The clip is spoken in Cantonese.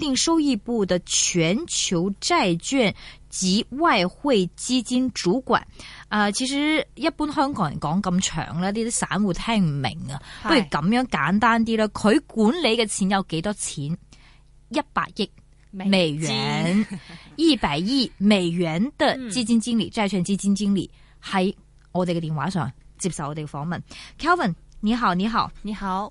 定收益部的全球債券及外匯基金主管，啊、呃，其實一般香港人講咁長啦，呢啲散戶聽唔明啊，不如咁樣簡單啲啦，佢管理嘅錢有幾多錢？一百億美元，一百 億美元的基金經理，債券基金經理喺、嗯、我哋嘅電話上接受我哋嘅訪問。Kelvin，你好，你好，你好。